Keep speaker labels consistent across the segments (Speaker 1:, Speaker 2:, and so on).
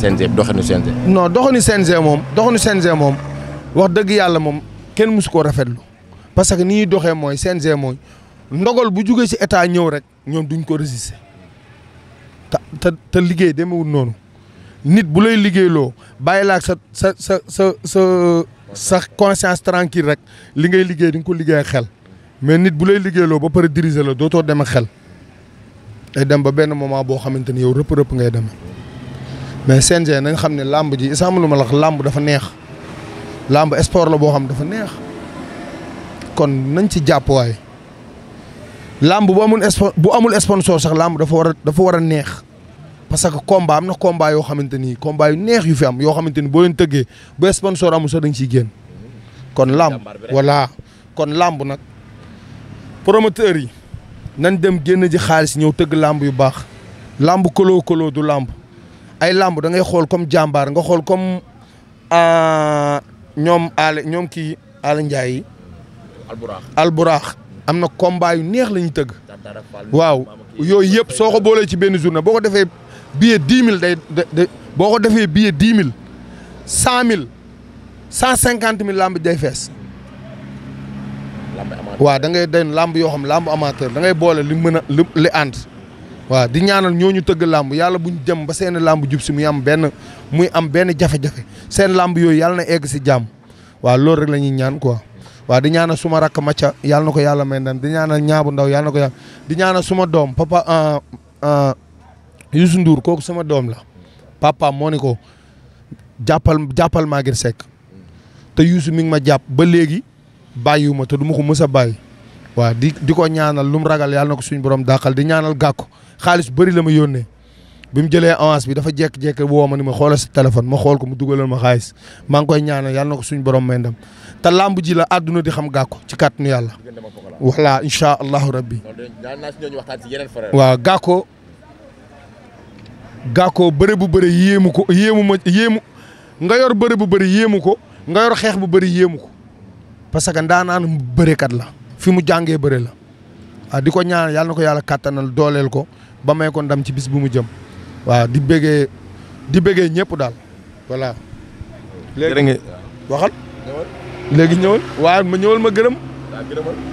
Speaker 1: CNG doxinu CNG.
Speaker 2: non doxinu CNG moom doxinu CNG moom wax dëgg yàlla moom kenn musu koo rafetlu parce que ni ñuy doxee mooy CNG mooy ndogal bu jugee si état ñëw rek ñoom duñ ko résister te te te liggéey demewul noonu nit bu lay liggéeyloo bàyyi laak sa sa sa sa sa sa conscience tranquille rek li ngay liggéey di nga ko liggéey xel mais nit bu lay liggéeyloo ba pare diriger la dootoo dem xel. day dem ba benn moment boo xamante ni yow rëpp rëpp ngay demee. mais CNG nañ xam ne làmb ji is ma la làmb dafa neex làmb sport la boo xam dafa neex kon nañ ci jàpp waay làmb bu amul bu amul sponsor sax làmb dafa war a dafa war a neex parce que combat am na combat yoo xamante ni combat yu neex yu fi am yoo xamante ni boo leen tëggee ba sponsor amul sax dañ ciy génn kon làmb voilà kon làmb nag promoteurs yi nañ dem génn ji xaalis ñëw tëgg làmb yu baax làmb koloo koloo du làmb ay làmb da ngay xool comme jàmbaar nga xool comme ah, ñoom Aale ñoom kii Aale Ndiaye yi. Alburaax Alburaax am na combat yu neex lañu tëgg. waaw yooyu yëpp soo ko boolee ci benn journée boo ko defee billet dix mille day day boo ko defee billet dix mille cent mille cent cinquante mille làmb day fees. waa da ngay den làmb yoo xam làmb amateur da ngay boole li mën a li ànd. waaw di ñaanal ñooñu tëgg làmb yàlla bu ñu jëm ba seen làmb jub si muy am benn muy am benn jafe-jafe seen làmb yooyu yàlla na egg si jàmm waaw loolu rek la ñuy ñaan quoi waaw di ñaanal suma rakk Macha yàlla na ko yàlla ma ndam di ñaanal ñaabu ndaw yàlla ko yàlla di ñaanal suma doom papa euh, euh, Youssou Ndour kooku sama doom la papa moo ni ko jàppal jàppal maa sek te Youssou ming ma jàpp ba léegi bàyyiwu ma te du ma ko mës a bàyyi waaw di di ko ñaanal lu mu ragal yàlla na ko suñu borom dàqal di ñaanal gàkku xaalis bari la ma yónnee bi mu jëlee avance bi dafa jékki-jékki woo ma ni ma xoolal sa téléphone ma xool ko mu dugalal ma xaalis maa koy ñaanal yàlla na ko suñu borom may ndam te làmb ji la àdduna di xam gàkku ci kàttanu yàlla. voilà incha allahu rabbi. waaw gàkku gàkku bëre bu bëri yéemu ko yéemu ma yéemu nga yor bëre bu bëri yéemu ko nga yor xeex bu bëri yéemu ko parce que ndaanaan bërekat la. fi mu jàngee bëre la waaw di ko ñaan yàlla na ko yàlla kàttanal dooleel ko ba may ko ndam ci bis bu mu jëm waaw di bëggee di bëggee ñëpp daal voilà. léegi nga waxal. léegi ñëwal waaye ma ñëwal ma gërëm.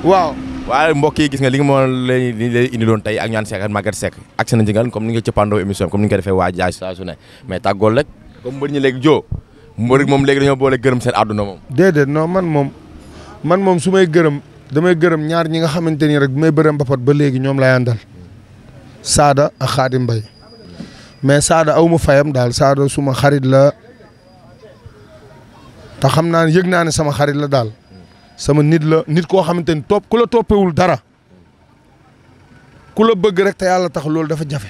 Speaker 1: waaw. waaye mbokk yi gis nga li nga moo leen indi loon tey ak ñaan Seck ak Maguette Seck ak seen njëngal comme ni nga cëppandoo émission comme ni nga ko defee waa jaay saa su ne mais tàggool rek comme mbër ñi léegi joo mbër moom léegi dañoo boole gërëm seen àdduna
Speaker 2: moom damay gërëm ñaar ñi nga xamante ni rek bu may bërëm mbapat ba léegi ñoom lay andal Saada ak Xaadim Mbay mais Saada aw ma fayam daal Saada suma xarit la te xam naa ne sama xarit la dal sama nit la nit koo xamante top kula ku la toppewul dara ku bëgg rek te yàlla tax loolu dafa jafe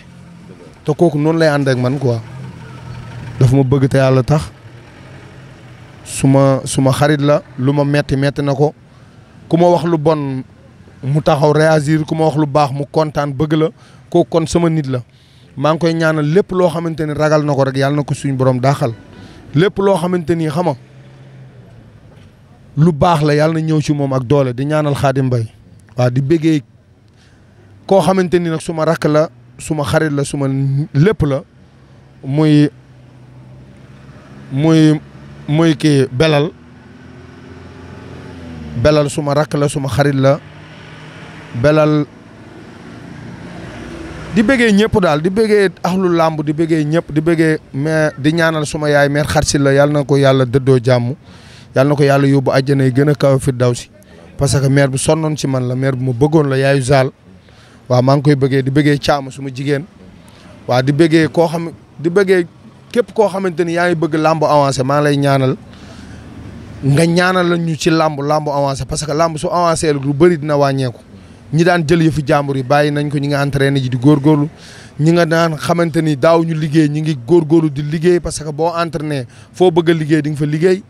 Speaker 2: te kooku lay ànd ak man quoi dafa ma bëgg te yàlla tax suma suma xarit la luma metti metti ku ma wax lu bon mu taxaw réagir ku ma wax lu baax mu kontaan bëgg la ko kon sama nit la maa ngi koy ñaanal lépp loo xamante ni ragal na ko rek yàlla na ko suñu borom daaxal lépp loo xamante ni xama lu baax la yàlla na ñëw ci moom ak doole di ñaanal Xaadim Mbay waa di bëggee koo xamante ni nag suma rakk la suma xarit la suma lépp la muy muy muy kii belal belal suma rakk la suma xarit la belal di bëggee ñëpp daal di bëggee axlu làmb di bëggee ñëpp di bëggee mais di ñaanal suma yaay meer xar si la yàlla na ko yàlla dëddoo jàmm yàlla na ko yàlla yóbbu àjjana yi gën a kaw fi daw si parce que meer bu sonnoon si man la meer bu ma bëggoon la yaayu zaal waaw maa ngi koy bëggee di bëggee caama suma jigéen waaw di bëggee koo xam di bëggee képp koo xamante ni yaa ngi bëgg làmb avancé maa lay ñaanal nga ñaanal ñu ci lamb lamb avancé parce que lamb su avancé lu bari dina wàññeeku ñi daan jël fi jambour yi bayyi nañ ko ñi nga entraîné ji di gorlu ñi nga daan xamanteni daaw ñu liggéey ñi ngi gorlu di liggéey parce que bo entraîné fo bëgg a liggéey di nga fa liggéey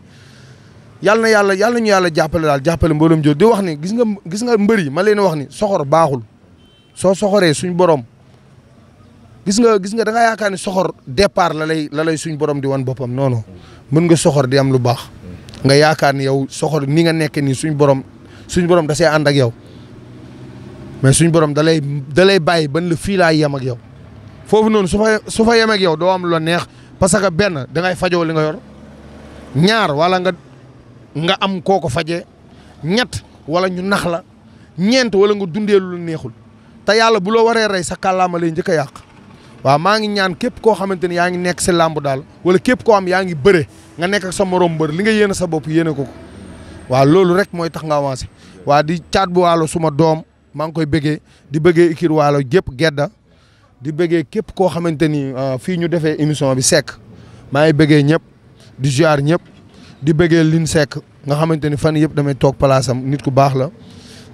Speaker 2: yalla na yalla yalla ñu yalla jappalé dal jappalé mbooloom jor di wax ni gis nga gis nga mbeuri ma leen wax ni soxor baaxul so soxoré suñ borom gis nga gis nga da nga ni soxor départ la lay la lay suñ borom di wan bopam non non mën nga soxor di am lu baax nga yaakaar ni yow soxor nii nga nekkee nii suñ borom suñ borom dasee see ànd ak yow mais suñ borom da lay bàyyi ban la fii laa yem ak yow foofu noonu su fa su fa yem yow doo am la neex parce que benn dangay ngay fajoo li nga yor ñaar wala nga nga am koo ko fajee ñett wala ñu nax la ñeent wala nga dundee lu neexul te yàlla bu loo waree rey sa kàllaama lay njëkk a yàq. wa ma ngi ñaan kep ko xamanteni ya ngi nek ci lamb dal wala kep ko am ya ngi beure nga nek ak sa morom beur li nga yene sa bop yene ko wa lolu rek moy tax nga avancer wa di chat bu walu suma dom ma ngi koy di bëggee ikir walu jep gedda di bëggee kep ko xamanteni euh, fi ñu defee émission bi sekk maa ngi bëggee di jiar ñep di bëggee lin sekk nga xamanteni fan yep damay tok place am nit ku bax la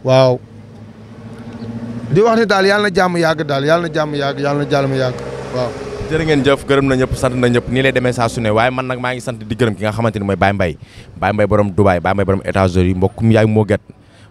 Speaker 2: waaw di wax ni daal yàlla na jàmm yàgg daal yàlla na jàmm yàgg yàlla na jàmm waaw
Speaker 1: jërë ngeen jëf gërëm na ñëpp sant na ñëpp nii lay demee saa ne waaye man nag maa ngi sant di gërëm ki nga xamante ni mooy Baye mbay Baye Mbaye borom Dubaay Baye Mbaye borom États-Unis mbokkum yaay moo get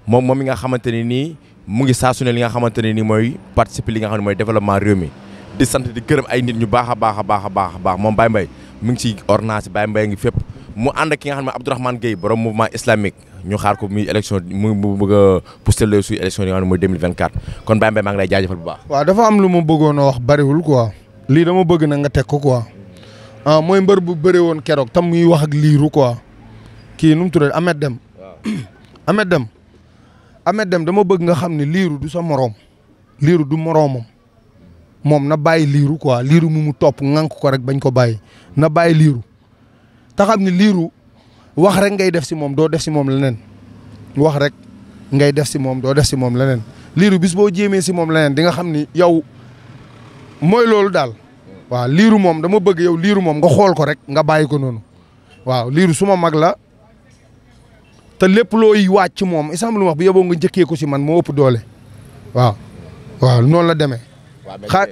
Speaker 1: moom moom mi nga xamante ni nii mu ngi saasune li nga xamante ne nii mooy participer li nga xam ne mooy développement réew mi di sant di gërëm ay nit ñu baax a baax a baax a baax a moom Baye Mbaye mu ngi ci ordonnance Baye Mbaye ngi fépp mu ànd ak ki nga xam ne Abdourahmane Gueye borom mouvement islamique ñu xaar ko muy élection mu mu bëgg a pousser le suy élection yi mooy 2024 kon Baye Mbaye maa ngi lay jaajëfal bu baax.
Speaker 2: waaw dafa am lu ma bëggoon wax bariwul quoi. lii dama bëgg na nga teg ko quoi. ah mooy mbër bu bëree woon keroog tam muy wax ak liiru quoi. kii nu mu tuddee Ahmed dem waaw Ahmed Deme. dem dama bëgg nga xam ne liiru du sa moroom. liiru du moroomam. moom na bàyyi liiru quoi liiru mu mu topp ŋànk ko rek bañ ko bàyyi na bàyyi liiru. te xam ni liiru wax rek ngay def si moom doo def si moom leneen wax rek ngay def si moom doo def si moom leneen liiru bis boo jéemee si moom leneen di nga xam ni yow mooy loolu daal waaw liiru moom dama bëgg yow liiru moom nga xool ko rek nga bàyyi ko noonu waaw liiru suma mag la te lépp looy wàcc moom isam lu wax bu yeboo nga njëkkee ko si man moo ëpp doole waaw waaw noonu la demee xaar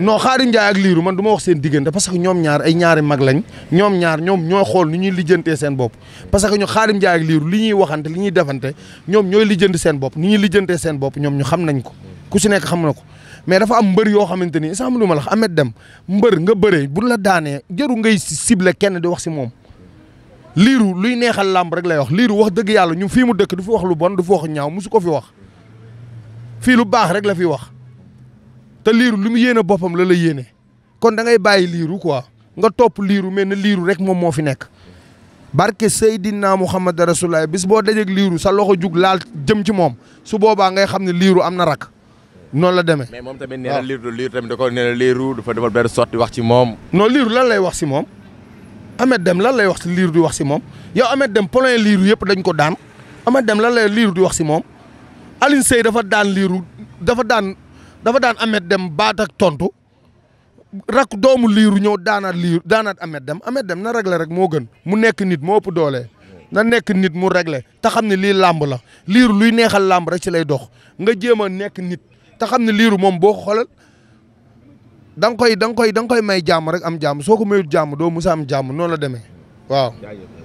Speaker 2: non xaari Ndiaye ak liru man duma wax sen diggante parce que ñom ñaar ay ñaari mag lañ ñom ñaar ñom ñoy xol ni ñuy lijeenté sen bop parce que ñu xaari Ndiaye ak liru li ñuy waxante li ñuy defante ñom ñoy lijjanti sen bop ni ñuy lijeenté sen bop ñom ñu xam nañ ko ku ci nekk xam na ko mais dafa am mbeur yo xamanteni sa isam luma la wax dem mbeur nga bëree bu la daanee jëru ngay cible kenn di wax ci mom liru luy neexal lamb rek lay wax liru wax deug yalla ñu fi mu dekk du fi wax lu bon du fi wax ñaaw musu ko fi wax fi lu baax rek la fi wax te liiru li mu yéene boppam la la yéene kon da ngay bàyyi liiru quoi nga topp liiru mel na liiru rek moom moo fi nekk barke Seydina Muhammad Rasulullah bis boo dajeeg liiru sa loxo jug laal jëm ci moom su boobaa ngay xam ne liiru am na rak noonu la demee.
Speaker 1: moom tamit nee na liiru liiru tamit da nee na liiru dafa defal benn sotti wax ci moom.
Speaker 2: non liiru lan lay wax si moom Ameth Deme lan lay wax si liiru di wax si moom yow Ameth dem plein liiru yëpp dañ ko daan Ameth dem lan la liiru di wax si moom Alioune Seye dafa daan liiru dafa daan. dafa daan Ameth dem baat ak tontu rak doomu liiru ñëw daanaat liiru daanaat Ameth Dème Ameth Dème na réglé rek moo gën mu nekk nit moo ëpp doole. na nekk nit mu réglé te xam ne lii làmb la liiru luy neexal làmb rek ci lay dox nga jéem a nekk nit te xam ne liiru moom boo ko xoolal da nga koy da koy da nga koy may jàmm rek am jàmm soo ko mayul jàmm doo musa am jàmm noon la demee waaw.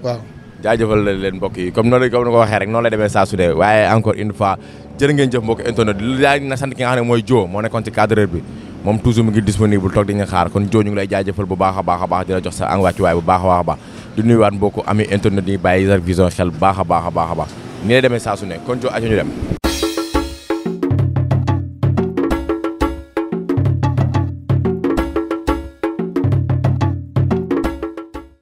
Speaker 2: waaw
Speaker 1: jaajëfal leen mbokk yi comme noonu la ko waxee rek la demee saa su dee waaye encore une fois jërë ngeen jëf mbokk internet yaa na sant ki nga mooy joo moo nekkoon ci cadreur bi moom toujours mu ngi disponible toog di nga xaar kon joo ñu ngi lay jaajëfal bu baax a baax a baax di la jox sa en wàccuwaay bu baax a baax a baax di nuyuwaat mbokk ami internet yi bàyyi Zavision xel baax a baax a baax a baax demee saa ne kon joo aco ñu dem